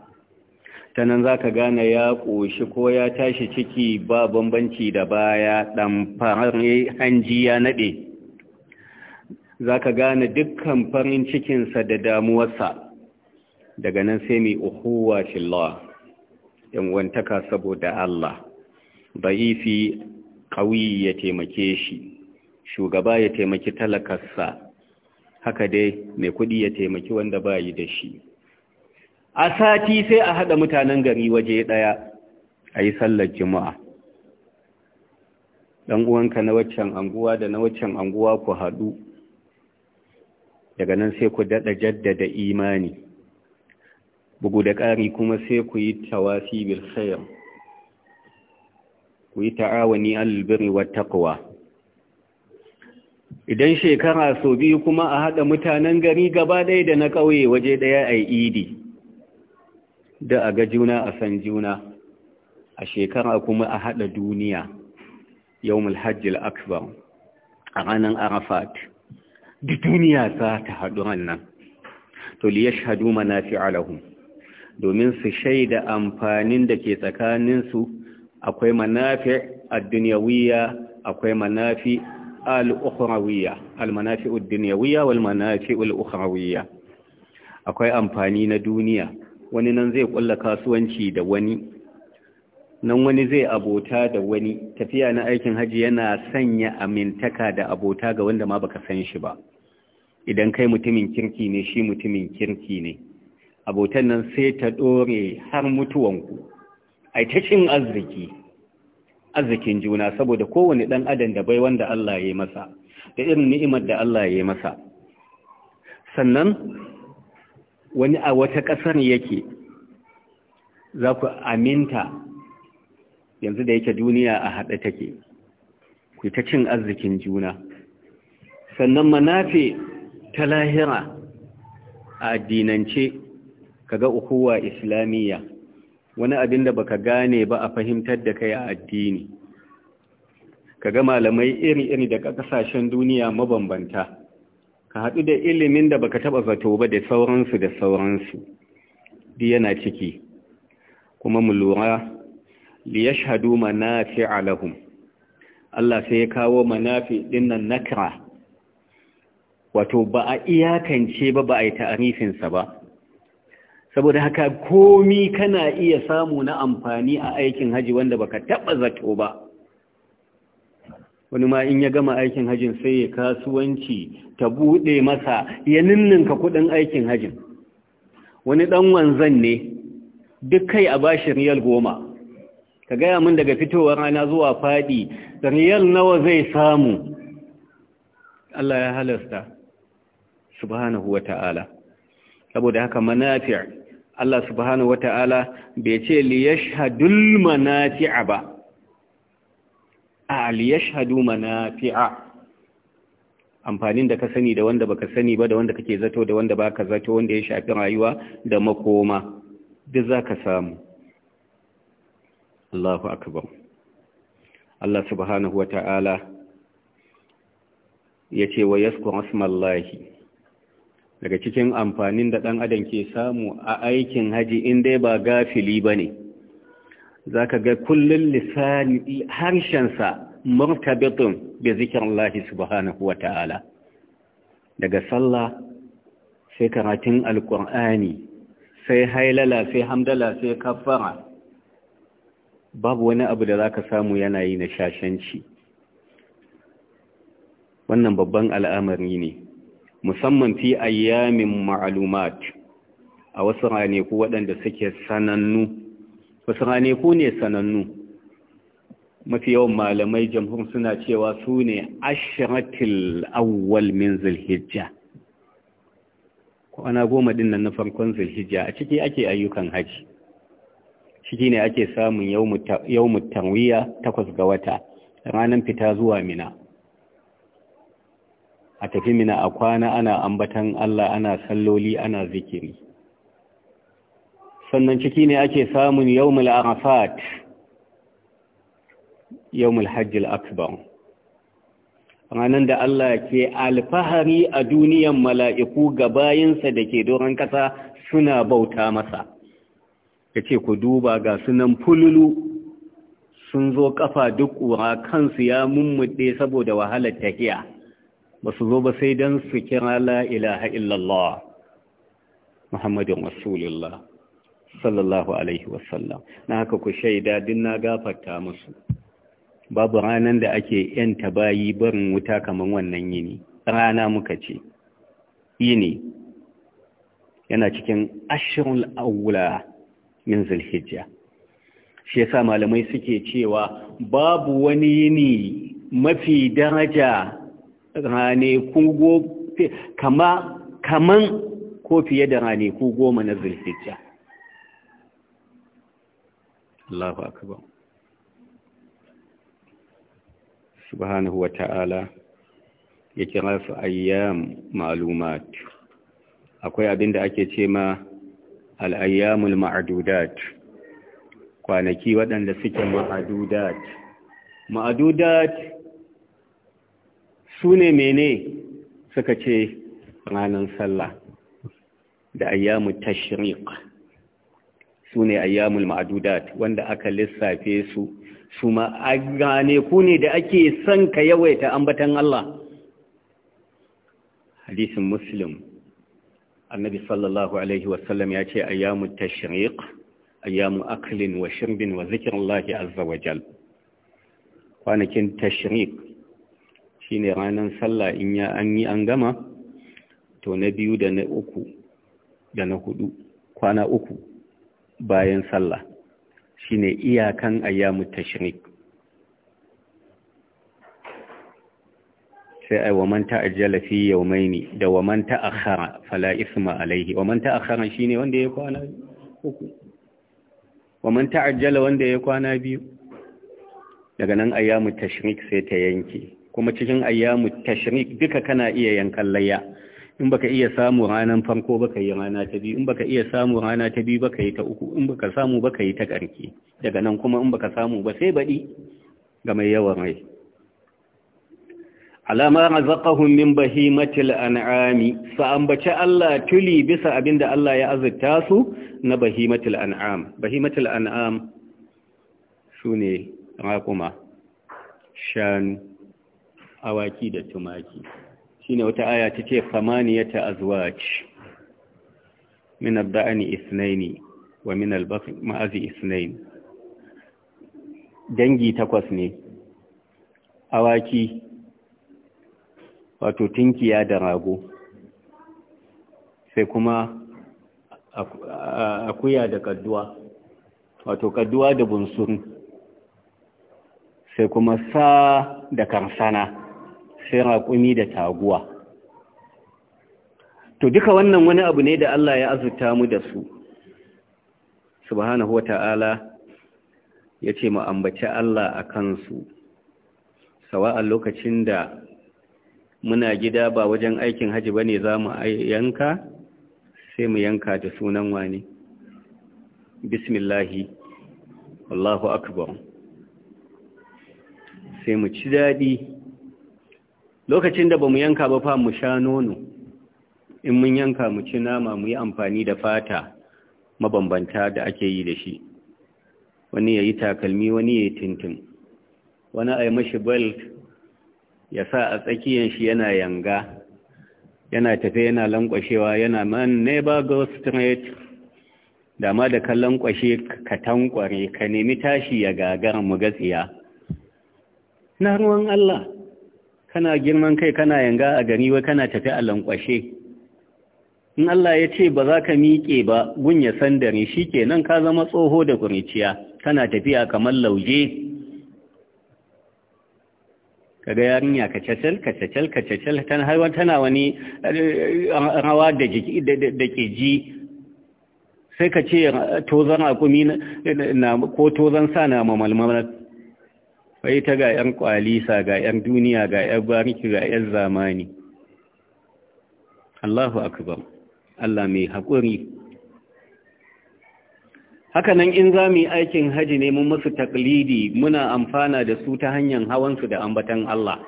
ta nan za ka gane ya ƙoshi ko ya tashi ciki ba bambanci da baya ɗan farar hanji ya naɗe za ka gane dukkan farin cikinsa da damuwarsa daga nan sai mai uhuwa yan wantaka saboda Allah ba'ifi ƙauye ya taimake shi shugaba ya taimaki talakarsa haka dai mai kuɗi ya taimaki wanda ba yi da shi a sati sai a haɗa mutanen gari waje ɗaya a yi sallar jima'a ɗan na waccan anguwa da na waccan anguwa ku haɗu daga nan sai ku daɗa jaddada imani bugu da ƙari kuma sai ku yi tawasi bil khair ku yi ta'awani albirri wa taqwa idan shekara so biyu kuma a haɗa mutanen gari gaba ɗaya da na ƙauye waje ɗaya a idi da a ga juna a san juna a shekara kuma a haɗa duniya yau hajjil akbar a ranar arafat duk duniya za ta haɗu nan to liya shahadu manafi'a lahum domin su shaida amfanin da ke tsakaninsu akwai manafi ad-dunyawiyya akwai manafi al al-manafi ad wal manafi al akwai amfani na duniya wani nan zai kulla kasuwanci da wani nan wani zai abota da wani tafiya na aikin haji yana sanya amintaka da abota ga wanda ma baka san shi ba idan kai mutumin kirki ne shi mutumin kirki ne abotan nan sai ta ɗore har mutuwanku ai ta cin arziki arzikin juna saboda kowane dan adam da bai wanda Allah ya masa da irin ni'imar da Allah ya masa sannan wani a wata ƙasar yake za ku aminta yanzu da yake duniya a haɗe take ku ta cin arzikin juna sannan manafe ta lahira a addinance kaga ukuwa islamiyya wani abin da baka gane ba a fahimtar da kai a addini kaga malamai iri-iri daga kasashen duniya mabambanta ka haɗu da ilimin da baka taba zato ba da sauransu da sauransu di yana ciki kuma mu lura li yashhadu manafi'a Allah sai ya kawo manafi dinnan nakra wato ba a iyakance ba ba a yi ta'arifinsa ba saboda haka komi kana iya samu na amfani a aikin haji wanda baka taba zato ba wani ma in ya gama aikin hajin sai ya kasuwanci ta bude masa ya ninninka kudin aikin hajin wani dan wanzan ne duk kai a bashi riyal goma ka gaya mun daga fitowar rana zuwa fadi riyal nawa zai samu Allah ya halasta subhanahu wa ta'ala saboda haka manafia Allah subhanahu ta'ala bai ce li manafi'a ba a li yashhadu manafi'a amfanin da ka sani da wanda baka sani ba da wanda kake zato da wanda baka zato wanda ya shafi rayuwa da makoma duk zaka samu Allahu akbar Allah subhanahu ya ce wa yasku asmallahi daga cikin amfanin da ɗan adam ke samu a aikin haji in dai ba gafili ba ne za ka ga kullum lissani harshensa martabitin da zikirin Allah subhanahu wa ta'ala daga sallah sai karatun alƙur'ani sai hailala sai hamdala sai kafara babu wani abu da za ka samu yanayi na shashanci wannan babban al'amari ne musamman fi ayyamin ma'lumat a wasu raneku waɗanda suke sanannu wasu raneku ne sanannu mafi yawan malamai jamhur suna cewa su ne ashiratil awwal min zulhijja kwana goma dinnan na farkon zulhijja a ciki ake ayyukan haji ciki ne ake samun yau mutawiya takwas ga wata ranar fita zuwa mina a tafi mina a kwana ana ambatan Allah ana salloli ana zikiri sannan ciki ne ake samun yawmul arafat yawmul hajjil akbar ranar da Allah ke alfahari a duniyan mala'iku ga bayansa da ke doron kasa suna bauta masa ya ku duba ga sunan fululu sun zo kafa duk ƙura kansu ya mummuɗe saboda wahalar tahiya ba su zo ba sai don su kira la ilaha illallah muhammadin rasulullah sallallahu alaihi wasallam na haka ku shaida din na gafarta musu babu ranar da ake yanta bayi barin wuta kamar wannan yini rana muka ce yini yana cikin ashirin awula min zulhijja shi yasa malamai suke cewa babu wani yini mafi daraja raneku kama kaman ko fiye da raneku goma na zulhijja Allahu akbar subhanahu wa ta'ala ya kira su ayyam ma'lumat akwai abinda ake ce ma al'ayyamul ma'adudat kwanaki waɗanda suke ma'adudat ma'adudat su ne mene suka ce ranar sallah da ayyamu tashriq su ne ayyamul ma'adudat wanda aka lissafe su su gane ku ne da ake son ka yawaita ambatan Allah hadisin muslim annabi sallallahu alaihi wasallam ya ce ayyamu tashriq ayyamu aklin wa shirbin wa zikrullahi azza wajal kwanakin tashriq shine ranar sallah in ya an yi an gama to na biyu da na uku da na hudu kwana uku bayan sallah shine iyakan ayyamut tashrik sai ai wa man ta'ajjala fi yawmaini da wa manta ta'akhkhara fala isma alayhi wa man shi shine wanda ya kwana uku wa man ta'ajjala wanda ya kwana biyu daga nan ayyamut tashrik sai ta yanke kuma cikin ayyamu tashrik duka kana iya yankan layya in baka iya samu ranan farko baka yi rana ta biyu in baka iya samu rana ta biyu baka yi ta uku in baka samu baka yi ta ƙarki daga nan kuma in baka samu ba sai baɗi ga mai yawan rai alama razaqahum min bahimatil an'ami fa ambaci Allah tuli bisa abinda Allah ya azurta su na bahimatil an'am bahimatil an'am sune raƙuma shanu awaki da tumaki shi ne wata aya ta ce famaniyata azwaj min abda'ani isnaini wa min albaqi ma'azi isnain dangi takwas ne awaki wato tinkiya da rago sai kuma akuya da kadduwa wato kadduwa da bunsun sai kuma sa da karsana sai raƙumi da taguwa to duka wannan wani abu ne da Allah ya azurta mu da su subhanahu wata'ala ya ce mu ambaci Allah a kansu Sawa a lokacin da muna gida ba wajen aikin haji ba ne za mu yanka sai mu yanka da sunan wani bismillahi Allahu akbar sai mu ci daɗi lokacin da ba mu yanka ba fa mu sha nono in mun yanka mu ci nama mu yi amfani da fata mabambanta da ake yi da shi wani ya yi takalmi wani ya yi tintin wani a yi mashi belt ya sa a tsakiyar shi yana yanga yana tafe yana lankwashewa yana man never go straight dama da kallon kwashe ka tankware ka nemi tashi ya gagara mu gatsiya na ruwan Allah kana girman kai kana yanga a gari wai kana tafi a lankwashe in Allah ya ce ba za ka miƙe ba gun ya san dare shi kenan ka zama tsoho da kuriciya kana tafiya kamar lauje kaga yarinya kacacal kacacal kacacal tana har tana wani eh, rawa da jiki da ke ji sai ka ce tozan akumi na ko tozan sa na mamalmalar fai ta ga 'yan kwalisa ga 'yan duniya ga 'yan bariki ga 'yan zamani Allahu akbar Allah mai haƙuri hakanan in za mu yi aikin haji ne mun musu taklidi muna amfana da su ta hanyar hawansu da ambatan Allah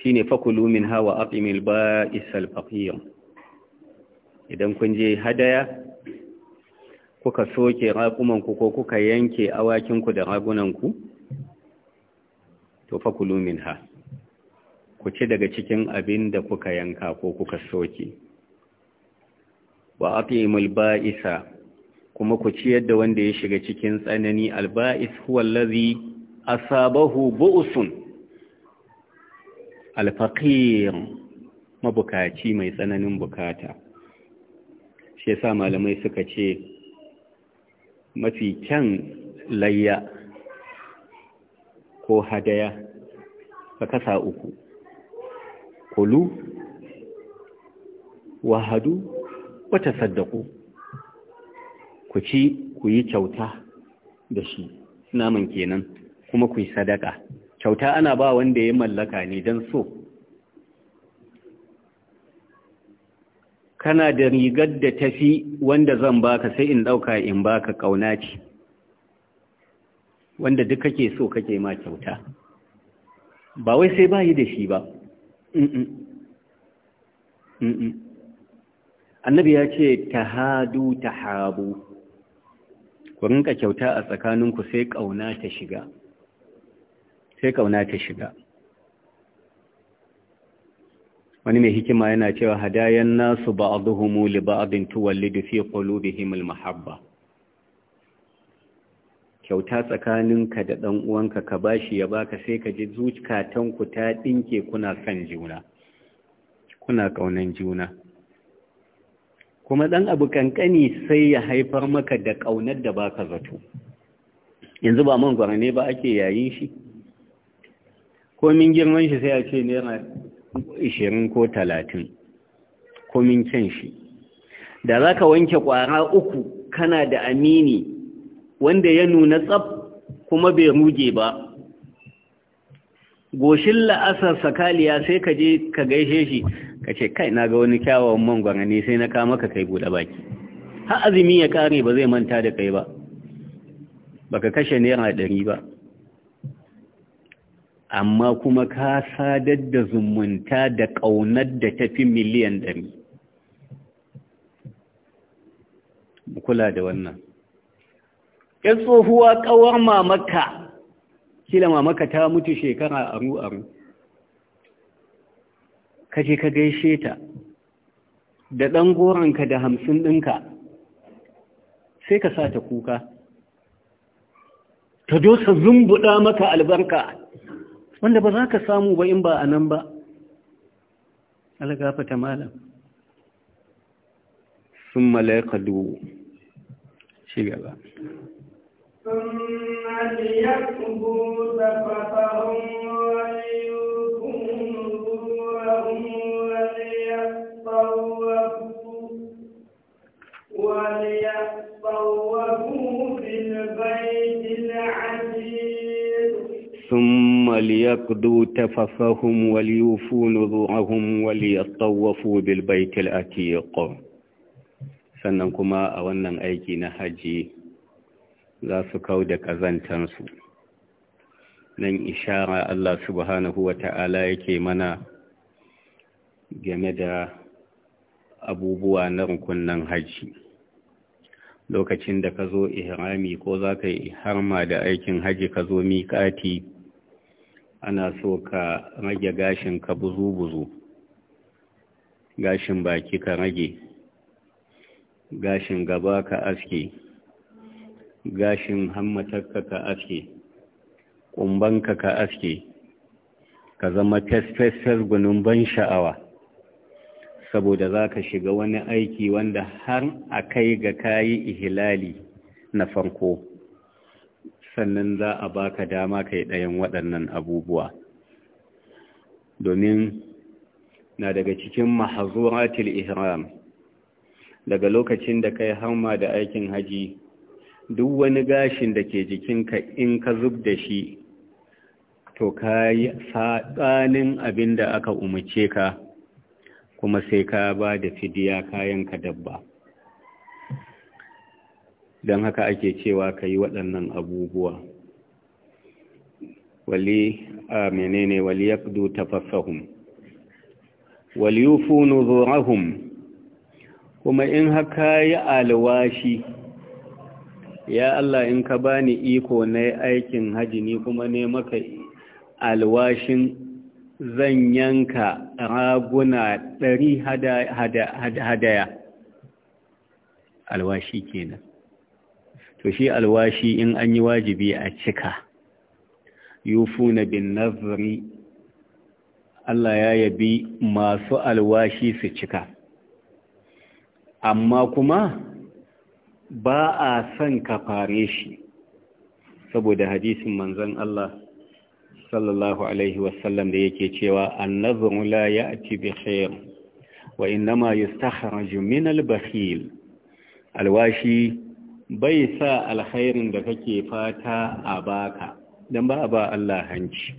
shine fakulu min hawa aqimil ba'isal faqiyam idan kun je hadaya kuka soke raƙumanku ko kuka yanke awakinku da ragunanku to fa kulu minha ku ci daga cikin abin da kuka yanka ko kuka soke wa aqimul ba'isa kuma ku ci yadda wanda ya shiga cikin tsanani alba'is huwa allazi asabahu bu'sun alfaqir mabukaci mai tsananin bukata shi yasa malamai suka ce mafi kyan layya ko hadaya ka kasa uku kulu wahadu wata saddaku ku ci ku yi kyauta da shi naman kenan kuma ku yi sadaka kyauta ana ba wanda ya mallaka ne don so kana da rigar da tafi wanda zan baka sai in ɗauka in baka ƙauna ce wanda duk kake so kake ma kyauta ba wai sai bayi da shi ba annabi ya ce ta hadu ta habu ku rinka kyauta a tsakaninku sai kauna ta shiga sai kauna ta shiga wani mai hikima yana cewa hadayen nasu ba li ba'din tuwallidu fi qulubihim al-mahabba kyauta tsakaninka da ɗan uwanka ka bashi ya baka sai ka ji ku ta ɗinke kuna son juna kuna kaunan juna kuma ɗan abu kankani sai ya haifar maka da ƙaunar da baka zato yanzu ba man ne ba ake yayin shi Ko min girman shi sai a ce naira ishirin ko talatin min kyan shi da zaka wanke ƙwara uku kana da amini wanda ya nuna tsab kuma bai ruge ba goshin la'asar sakaliya sai ka je ka gaishe shi ka ce kai na ga wani kyawawan mangwara ne sai na kama ka kai buɗe baki har azumi ya kare ba zai manta da kai ba baka kashe naira ɗari ba amma kuma ka sadar da zumunta da ƙaunar da tafi miliyan ɗari kula da wannan yan tsohuwa ƙawar mamaka kila mamaka ta mutu shekara aru-aru ka je ka gaishe ta da ɗan goronka da hamsin ɗinka sai ka sa ta kuka ta dosa zumbuɗa maka albarka wanda ba za ka samu ba in ba a nan ba algafa ta malam sun malaika shi gaba ثم وليوفوا بالبيت العتيق ثم ليقضوا تففهم وليوفوا نذورهم وليطوفوا بالبيت العتيق سننكما أولا أيكي نهجي za su kau da ƙazantansu nan ishara Allah subhanahu wa ta'ala yake mana game da abubuwa na rukunan hajji lokacin da ka zo ihrami ko za ka yi harma da aikin hajji ka zo miƙati ana so ka rage gashin ka buzu-buzu gashin baki ka rage gashin gaba ka aske gashin hammatarka ka aske ƙumbanka ka aske ka zama fesfesar gunin ban sha'awa saboda za ka shiga wani aiki wanda har a kai ga kayi ihilali na farko sannan za a baka dama kai ɗayan waɗannan abubuwa domin na daga cikin mahazuratul ihram daga lokacin da kai harma da aikin haji duk wani gashin da ke jikinka in ka zub da shi to ka yi saɓanin abin da aka umarce ka kuma sai ka ba da fidiya kayan ka dabba don haka ake cewa ka yi waɗannan abubuwa wali a menene wali ya fudu tafassahun wali yufu nuzurahum kuma in haka yi alwashi ya Allah in ka bani iko na aikin haji ni kuma ne maka alwashin zan yanka raguna ɗari hadaya alwashi kenan to shi alwashi in an yi wajibi a cika yufuna bin nazari Allah ya yabi masu alwashi su cika amma kuma ba a son ka fare shi saboda hadisin manzon Allah sallallahu alaihi wasallam da yake cewa annazru la ya'ti bi khair wa inma yustakhraju min al-bakhil alwashi bai sa alkhairin da kake fata a baka dan ba ba Allah hanci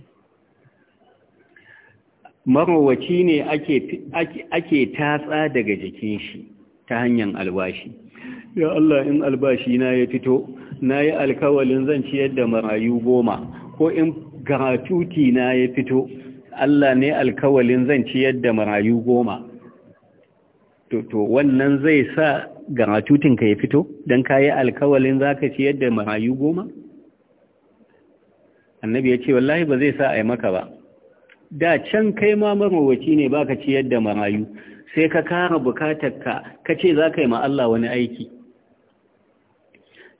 marwaci ne ake ake tatsa daga jikin shi ta hanyar albashi ya Allah in albashi na ya fito na yi alkawalin zan ciyar da marayu goma ko in gratuity na ya fito Allah ne alkawalin zan ciyar da marayu goma to wannan zai sa gratuitin ya fito don ka yi alkawalin za ka ciyar da marayu goma annabi ya ce wallahi ba zai sa a yi maka ba da can kai ma marowaci ne baka ciyar da marayu sai ka kara bukatarka ka ce za ka yi ma Allah wani aiki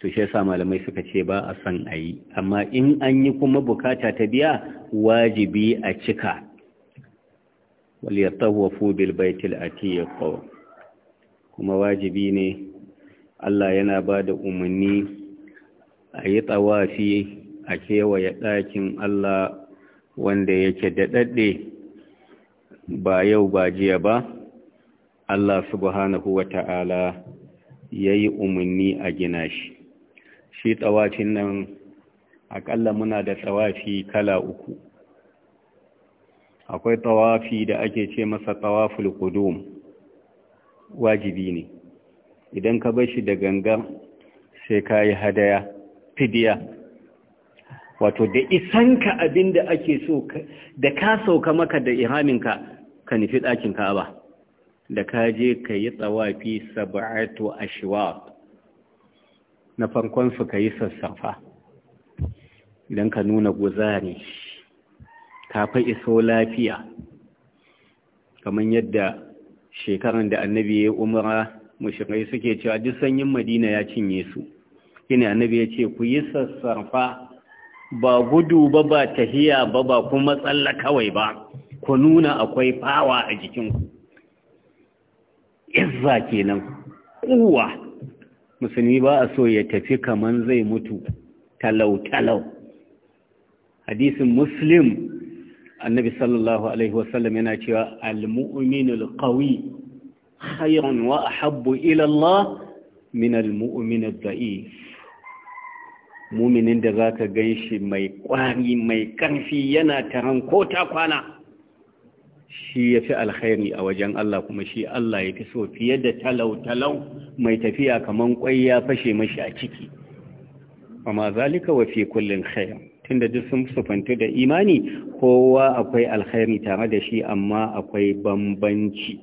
to shi yasa malamai suka ce ba a san a yi amma in an yi kuma bukata ta biya wajibi a cika wal yatawafu bil baitil atiq kuma wajibi ne Allah yana ba da umarni a yi tsawafi a kewaye ɗakin Allah wanda yake daɗaɗɗe ba yau ba jiya ba Allah subhanahu wa ta'ala ya yi umarni a gina shi shi tsawacin nan aƙalla muna da tsawafi kala uku akwai tsawafi da ake ce masa tsawaful kudum wajibi ne idan ka bar shi da ganga sai ka yi hadaya fidiya wato da isanka abin da ake so da ka sauka maka da ihaminka ka nufi ɗakin ka'aba da ka je ka yi tsawafi a shiwa na farkon su ka yi sassafa idan ka nuna guzari ka fa iso lafiya kamar yadda shekarun da annabi ya umara mashirai suke cewa duk sanyin madina ya cinye su yana annabi ya ce ku yi sassafa ba gudu ba ba tahiya ba ba kuma tsalla kawai ba ku nuna akwai fawa a jikinku izza kenan kuwa musulmi ba a so ya tafi kaman zai mutu talau-talau hadisin muslim annabi sallallahu alaihi wasallam yana cewa al-mu'minul qawi khayrun wa ahabbu ila Allah min al-mu'minid da'if muminin da zaka ganshi mai kwari mai kanfi yana taran ko kwana shi ya fi alkhairi a wajen Allah kuma shi Allah ya fi so fiye da talau-talau mai tafiya kamar kwai ya fashe mashi a ciki amma zalika wa fi kullin khair tunda duk sun sufantu da imani kowa akwai alkhairi tare da shi amma akwai bambanci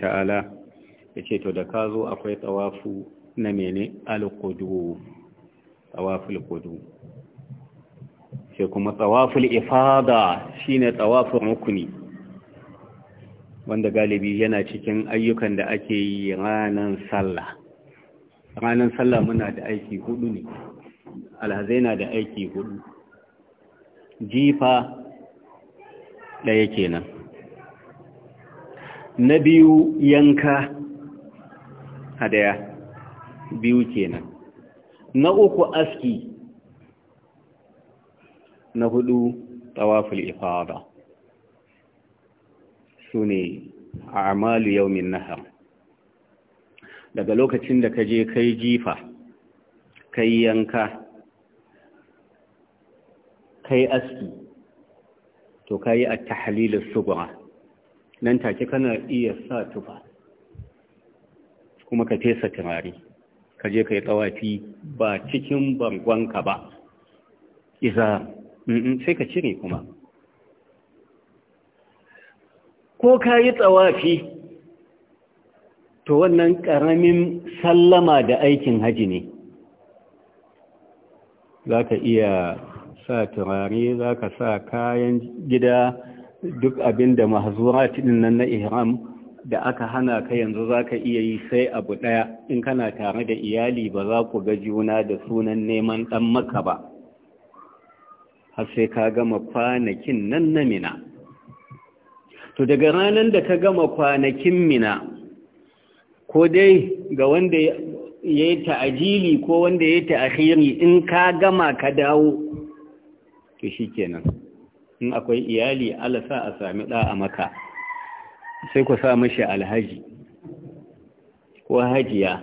ta'ala ya ce to da ka zo akwai tsawafu na mene alqudu Tsawafu qudu sai kuma tsawaful ifada shine tsawafin rukuni wanda galibi yana cikin ayyukan da ake yi ranan sallah ranan sallah muna da aiki hudu ne alhazai na da aiki hudu jifa ɗaya kenan na biyu yanka hadaya biyu kenan na uku aski na hudu tawaful ifada sune amalu yaumin nahar daga lokacin da ka je kai jifa kai yanka kai aski to ka yi a as sugura nan take kana iya sa tufa kuma ka fesa turare kaje je tawafi ba cikin bangonka ba iza sai ka cire kuma ko ka yi tsawafi to wannan ƙaramin sallama da aikin haji ne za ka iya sa turare za ka sa kayan gida duk abin da mahazuratin nan na ihram da aka hana ka yanzu za ka iya yi sai abu ɗaya in kana tare da iyali ba za ku ga juna da sunan neman ɗan maka ba har sai ka gama kwanakin nan na mina to daga ranar da ka gama kwanakin mina ko dai ga wanda ya yi ta'ajili ko wanda ya yi ta'akhiri in ka gama ka dawo to shi kenan in akwai iyali alasa a sami ɗa a maka sai ku sa mashi alhaji ko hajiya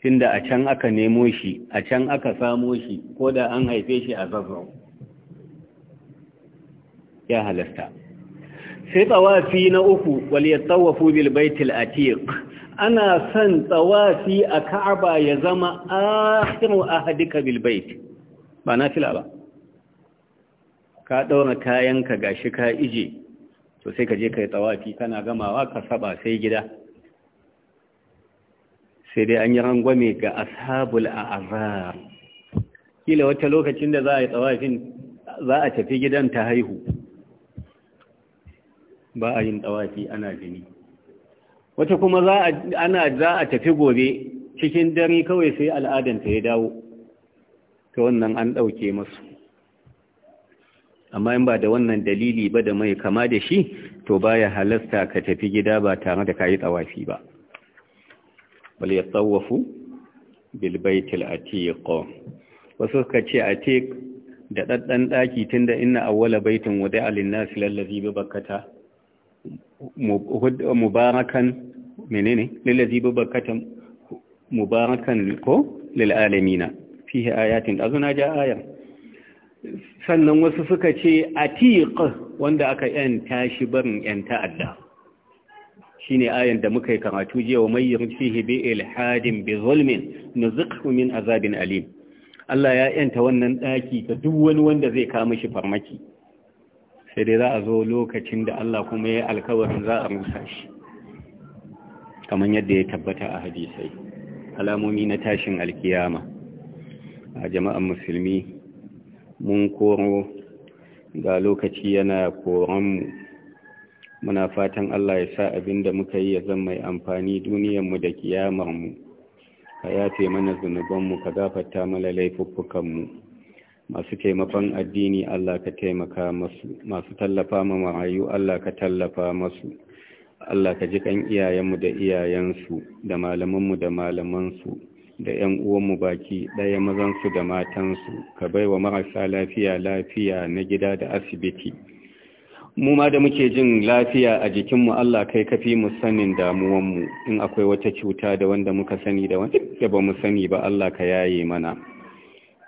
tunda a can aka nemo shi a can aka samo shi ko da an haife shi a zazzau ya halasta sai tsawafi na uku waliyattawafu bil baitil atiq ana son tsawafi a ka'aba ya zama akhiru ahadika bil bait ba fila ba ka daura kayanka gashi ka ije to sai ka je kai tsawafi kana gamawa ka saba sai gida sai dai an yi rangwame ga ashabul azar. kila wata lokacin da za a yi tsawafin za a tafi gidan ta haihu ba a yin tsawafi ana jini wata kuma za a tafi gobe cikin dare kawai sai al'adanta ya dawo ta wannan an ɗauke masu amma in ba da wannan dalili ba da mai kama da shi to baya halasta ka tafi gida ba tare da kayi tsawafi ba bal ya tsawafu bil atiqo wasu suka ce atiq da ɗaki tun da inna awwala baitin wadai alinna filallazi bi bakkata mubarakan menene lillazi babbakatan mubarakan ko lil alamina fihi ayatin azuna ja ayar sannan wasu suka ce atiq wanda aka yanta shi barin yanta Allah shine ayan da muka yi karatu jiya wa may yurfihi bi ilhadin bi zulmin nuzqhu min azabin alim Allah ya yanta wannan daki ga duk wani wanda zai kama shi farmaki sai dai za a zo lokacin da Allah kuma ya alkawarin za a rusa shi kamar yadda ya tabbata a hadisai alamomi na tashin alkiyama a jama'an musulmi mun koro ga lokaci yana mu. muna fatan Allah ya sa abin da muka yi ya zama mai amfani duniyanmu da kiyamarmu ka yafe mana zunubanmu ka gafata mana laifuffukanmu masu taimakon addini Allah ka taimaka masu masu tallafa ma marayu Allah ka tallafa masu Allah ka ji kan iyayenmu da iyayensu da malamanmu da malamansu da ƴan uwanmu baki ɗaya mazansu da matansu ka baiwa marasa lafiya lafiya na gida da asibiti mu ma da muke jin lafiya a jikinmu Allah kai ka fi mu sanin damuwanmu in akwai wata cuta da wanda muka sani da wanda ba mu sani ba Allah ka yaye mana